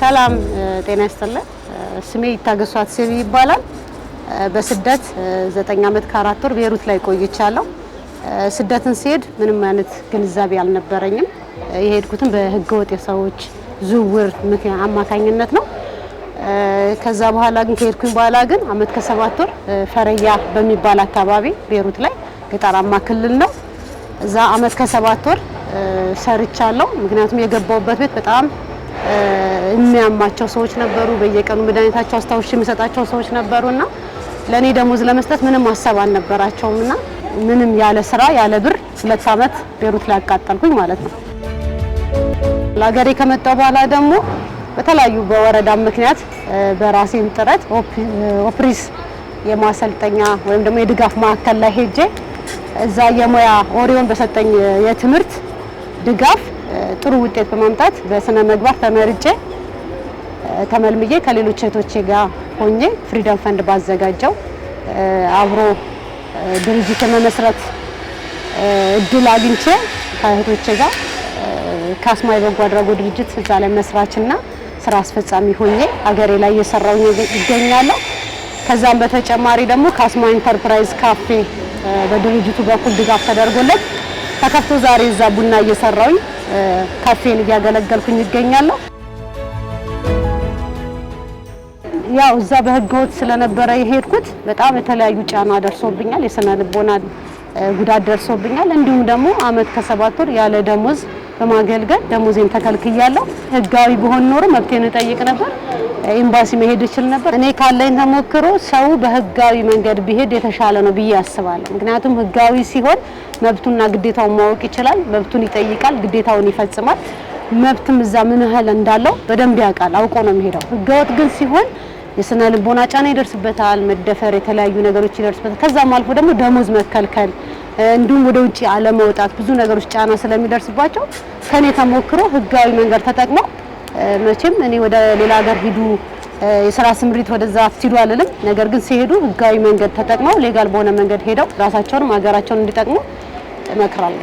ሰላም ጤና ይስጥልን። ስሜ ይታገሱ አትሴቢ ይባላል። በስደት ዘጠኝ ዓመት ከአራት ወር ቤሩት ላይ ቆይቻለሁ። ስደትን ሲሄድ ምንም አይነት ግንዛቤ አልነበረኝም። የሄድኩትም በህገወጥ የሰዎች ዝውውር አማካኝነት ነው። ከዛ በኋላ ግን ከሄድኩኝ በኋላ ግን አመት ከሰባት ወር ፈረያ በሚባል አካባቢ ቤሩት ላይ ገጠራማ ክልል ነው። እዛ አመት ከሰባት ወር ሰርቻለሁ። ምክንያቱም የገባውበት ቤት በጣም የሚያማቸው ሰዎች ነበሩ። በየቀኑ መድኃኒታቸው አስታውሽ የሚሰጣቸው ሰዎች ነበሩና ለእኔ ደሞዝ ለመስጠት ምንም ሀሳብ አልነበራቸውም እና ምንም ያለ ስራ ያለ ብር ሁለት ዓመት ቤሩት ላይ ያቃጠልኩኝ ማለት ነው። ለሀገሬ ከመጣሁ በኋላ ደግሞ በተለያዩ በወረዳ ምክንያት በራሴም ጥረት ኦፕሪስ የማሰልጠኛ ወይም ደግሞ የድጋፍ ማዕከል ላይ ሄጄ እዛ የሙያ ኦሪዮን በሰጠኝ የትምህርት ድጋፍ ጥሩ ውጤት በማምጣት በስነ ምግባር ተመርጬ ተመልምዬ ከሌሎች እህቶቼ ጋር ሆኜ ፍሪደም ፈንድ ባዘጋጀው አብሮ ድርጅት የመመስረት እድል አግኝቼ ከእህቶቼ ጋር ካስማ የበጎ አድራጎት ድርጅት እዛ ላይ መስራችና ስራ አስፈጻሚ ሆኜ ሀገሬ ላይ እየሰራው ይገኛለሁ። ከዛም በተጨማሪ ደግሞ ካስማ ኢንተርፕራይዝ ካፌ በድርጅቱ በኩል ድጋፍ ተደርጎለት ተከፍቶ ዛሬ እዛ ቡና እየሰራውኝ ካፌን እያገለገልኩኝ ይገኛለሁ። ያው እዛ በህገወጥ ስለነበረ የሄድኩት በጣም የተለያዩ ጫና ደርሶብኛል። የስነ ልቦና ጉዳት ደርሶብኛል። እንዲሁም ደግሞ አመት ከሰባት ወር ያለ ደሞዝ በማገልገል ደሞዜን ተከልክያለሁ። ህጋዊ በሆን ኖሮ መብቴን እጠይቅ ነበር። ኤምባሲ መሄድ ይችል ነበር። እኔ ካለኝ ተሞክሮ ሰው በህጋዊ መንገድ ቢሄድ የተሻለ ነው ብዬ አስባለሁ። ምክንያቱም ህጋዊ ሲሆን መብቱና ግዴታውን ማወቅ ይችላል። መብቱን ይጠይቃል፣ ግዴታውን ይፈጽማል። መብትም እዛ ምን ያህል እንዳለው በደንብ ያውቃል፣ አውቆ ነው የሚሄደው። ህገወጥ ግን ሲሆን የስነ ልቦና ጫና ይደርስበታል፣ መደፈር፣ የተለያዩ ነገሮች ይደርስበታል። ከዛም አልፎ ደግሞ ደሞዝ መከልከል እንዲሁም ወደ ውጭ አለመውጣት ብዙ ነገሮች ጫና ስለሚደርስባቸው ከኔ ተሞክሮ ህጋዊ መንገድ ተጠቅመው መቼም እኔ ወደ ሌላ ሀገር ሂዱ የስራ ስምሪት ወደዛ አትሂዱ አልልም። ነገር ግን ሲሄዱ ህጋዊ መንገድ ተጠቅመው ሌጋል በሆነ መንገድ ሄደው ራሳቸውንም ሀገራቸውን እንዲጠቅሙ እመክራለሁ።